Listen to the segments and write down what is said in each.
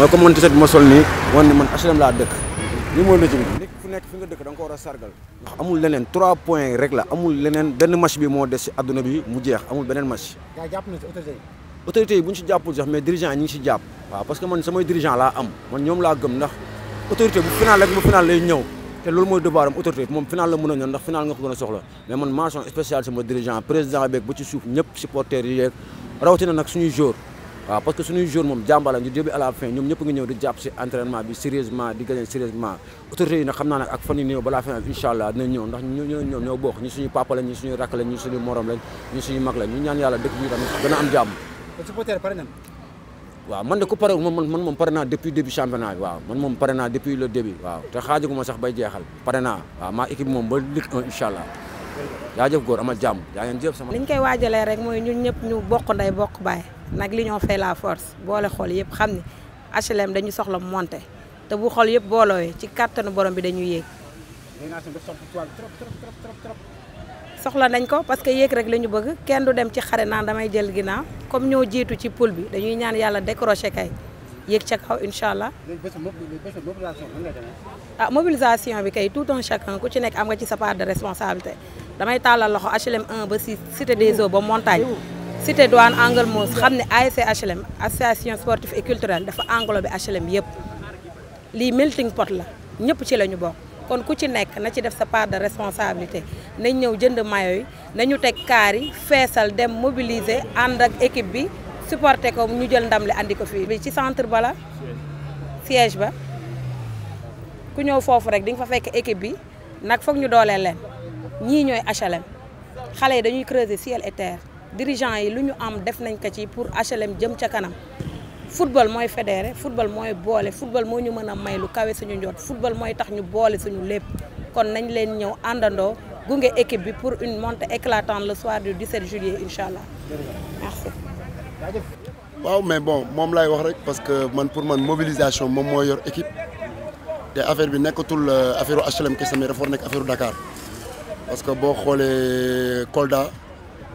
mooy comme man tiset bi ma sol nii wan ni man HLM la dëkk ni mooy logique bi nit fu nek fi nga dëkk da nga ko war sargal ndax amul leneen 3 points rek la amul leneen benn match bi moo des ci aduna bi mu jeex amul beneen match japp na autorités yi bu buñ ci jàppul sax mais dirigeant ñi ngi si jàpp waaw parce que man samay dirigeant laa am man ñoom laa gëm ndax autorité bu final rek bu final lay ñëw te loolu mooy débaaram autorité moom final la mën a ñëw ndax final nga ko gën a soxla mais man mention spéciale sama dirigeant président beeg ba ci suuf ñëpp supporter yi yeeg rawatina nag suñuy jour waaw parce que suñuy jour moom jàmbaar la ñu début à la fin ñoom ñëpp ngi ñëw di jàpp si entraînement bi sérieusement di gagné sérieusement autorité yi nag xam naa nag ak fan yi néew balaa fin incha allah dinañ ñëw ndax ñu ñoom ñoo bokk ñu suñu papa lañ ñu suñu rakk lañ ñu suñu morom lañ ñu suñu mag lañ ñu ñaan yàlla dëkk bi tamit gën a am jàmm waaw man de ku pare man man moom pare naa depuis début championnat bi waaw man moom pare naa depuis le début waaw te xaajagu ma sax bay jeexal pare naa waaw maa équipe moom ba Ligue 1 incha allah yaa jëf góor amal jàmm yaa ngeen jëf sama. li ñu koy waajalee rek mooy ñun ñëpp ñu bokk nday bokk baay nag li l'union fait la force boole xool yëpp xam ni HLM dañu soxla monté te bu xool yëpp boolooyee ci kàttanu borom bi dañu yéeg. soxla nañ ko parce que yéeg rek lañu bëgg kenn du dem ci xare naan damay jël ginnaaw comme ñoo jiitu ci poule bi dañuy ñaan yàlla décroché kay yéeg ca kaw incha allah. ah mobilisation bi kay tout un chacun ku ci nekk am nga ci sa part de responsabilité damay tàllal loxo HLM 1 ba si cité des eaux ba montagne. cité douane angle Mousse xam ne ASC HLM association sportive et culturelle dafa englobé HLM yëpp lii melting pot la ñëpp ci la ñu bokk kon ku ci nekk na ci def sa part de responsabilité nañ ñëw jënd mayo nañu teg kaar feesal dem mobiliser ànd ak équipe bi supporter ko ñu jël ndam li andi ko fii. bi ci centre bala siège ba ku ñëw foofu rek di nga fa fekk équipe bi nag foog ñu dooleel leen ñii ñooy HLM xale yi dañuy creuser ciel et dirigeants yi luñu am def nañ ko ci pour HLM jëm ca kanam football moy fédéré football moy bolé football mo ñu mëna a may lu kawe suñu njoot football moy tax ñu bolé suñu lépp kon nañ leen ñëw andando gunge équipe bi pour une montée éclatante le soir du 17 juillet inshallah. merci. waaw mais bon mom lay wax rek parce que man pour man mobilisation mom mo yor équipe te affaire bi nekkatul euh, affaire HLM kese mais dafa war affaire Dakar parce que bo xolé Kolda.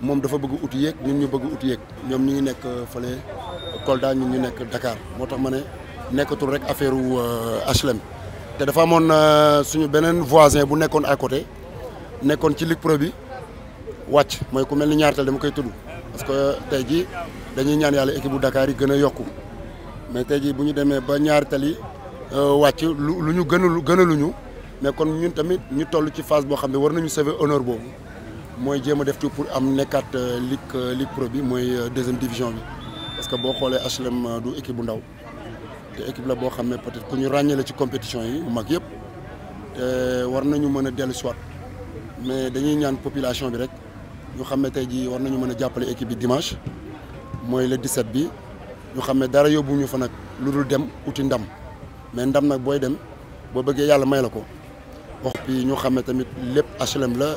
moom dafa bëgg uti yéeg ñu ñu bëgg uti yéeg ñoom ñu ngi nekk euh, fële Kolda ñu ñu nekk Dakar moo tax ma ne nekkatul rek affaire wu euh, HLM. te dafa amoon euh, suñu beneen voisin bu nekkoon à côté nekkoon ci Ligue Pro bi wàcc mooy ku mel ni ñaartal dama koy tudd parce que tey jii dañuy ñaan yàlla équipe bu dakaar yi gën a yokku mais tey jii bu ñu demee ba ñaartal yi wàcc lu lu ñu gën a gën a luñu mais kon ñun tamit ñu toll ci phase boo xam ne war nañu sauver honneur boobu. moy jéem def tout pour am nekkat euh, ligue euh, ligue pro bi mooy euh, deuxième division bi parce que bo xolé HLM du équipe bu ndaw te équipe la bo xamné peut-être ku ñu ràññale ci compétition yi mag yépp te war nañu mëna a dellu soit mais dañuy ñaan population bi rek ñu xamné tay ji war nañu mëna jappalé équipe bi dimanche moy le 17 bi ñu xamné dara dara ñu fa nak lu dem outil ndam mais ndam nak boy dem bo bëggé Yalla may la ko wax bi ñu xamné tamit lepp HLM la.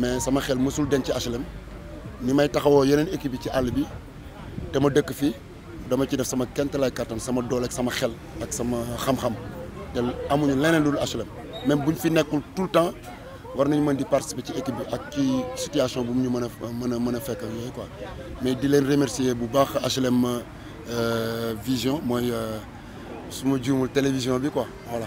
mais sama xel mosul denc HLM ni may taxawoo yeneen équipe yi ci àll bi te ma dëkk fii dama ci def sama kentalaay kattan sama doole ak sama xel ak sama xam-xam te amuñu leneen lu dul HLM même buñ fi nekkul tout le temps war nañu mën di participer ci équipe bi ak ci situation bu mu ñu mën a mën a mën a fekk yooyu quoi mais di leen remercier bu baax HLM euh, vision mooy euh, su ma juumul télévision bi quoi voilà.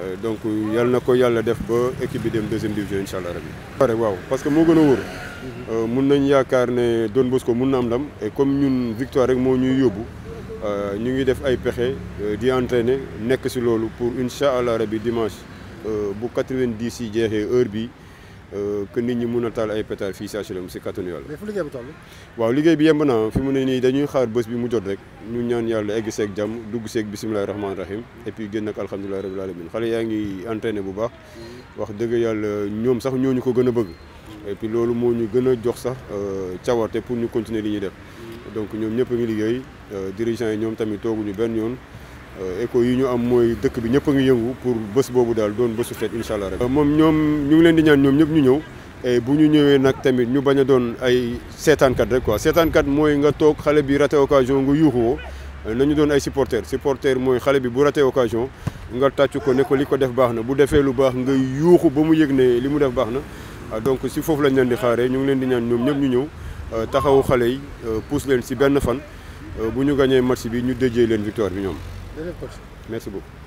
Euh, donc euh, yalla na ko yàlla def ba équipe bi dem deuxième division incha rabbi pare waaw parce que mo gën a wóor. Mhm. Euh, mun nañ yaakaar ne Don Bosco mun na am ndam et comme ñun victoire rek mo ñuy yóbbu ñu ngi def ay pexé di entraîner nek ci lolu pour incha rabbi rabi dimanche bu 90 yi jeexee heure bi Euh, que nit ñi mun a taal ay pétard fii si HLM si kattanu yàlla. mais waaw liggéey bi yemb na fi mu ne nii dañuy xaar bés bi mu jot rek ñu ñaan yàlla egg seeg jàmm dugg seek bisimilah rahmaani rahim et puis génn ak alhamdulilah rabil alamin xale yaa ngi entraîné bu baax. wax dëgg yàlla ñoom sax ñu ko gën a bëgg. et loolu moo ñu gën a jox sax euh, cawarte pour ñu continuer li ñuy def. donc ñoom ñëpp a ngi liggéey euh, dirigeants yi ñoom tamit tooguñu benn yoon. Euh, écho yi ñu am moy dëkk bi ñëpp a ngi yëngu pour bëss bobu dal doon bëssu feet inshallah rek. Euh, mom ñom ñu ngi leen di ñaan ñom ñëpp ñu ñëw et bu ñu ñëwé nak tamit ñu baña doon ay 74 rek quoi 74 moy nga tok xalé bi raté occasion nga yuuxu woo euh, nañu doon ay supporter supporter moy xalé bi bu raté occasion nga tàcc ko ne ko li ko def baax na bu defee lu baax nga yuuxu ba mu yëg ne li mu def baax na donc si foofu lañ leen di xaaree ñu ngi leen di ñaan ñoom ñëpp ñu ñëw taxawu xale yi pousse leen si benn fan bu ñu gañee match bi ñu déjee leen victoire bi ñoom Merci beaucoup.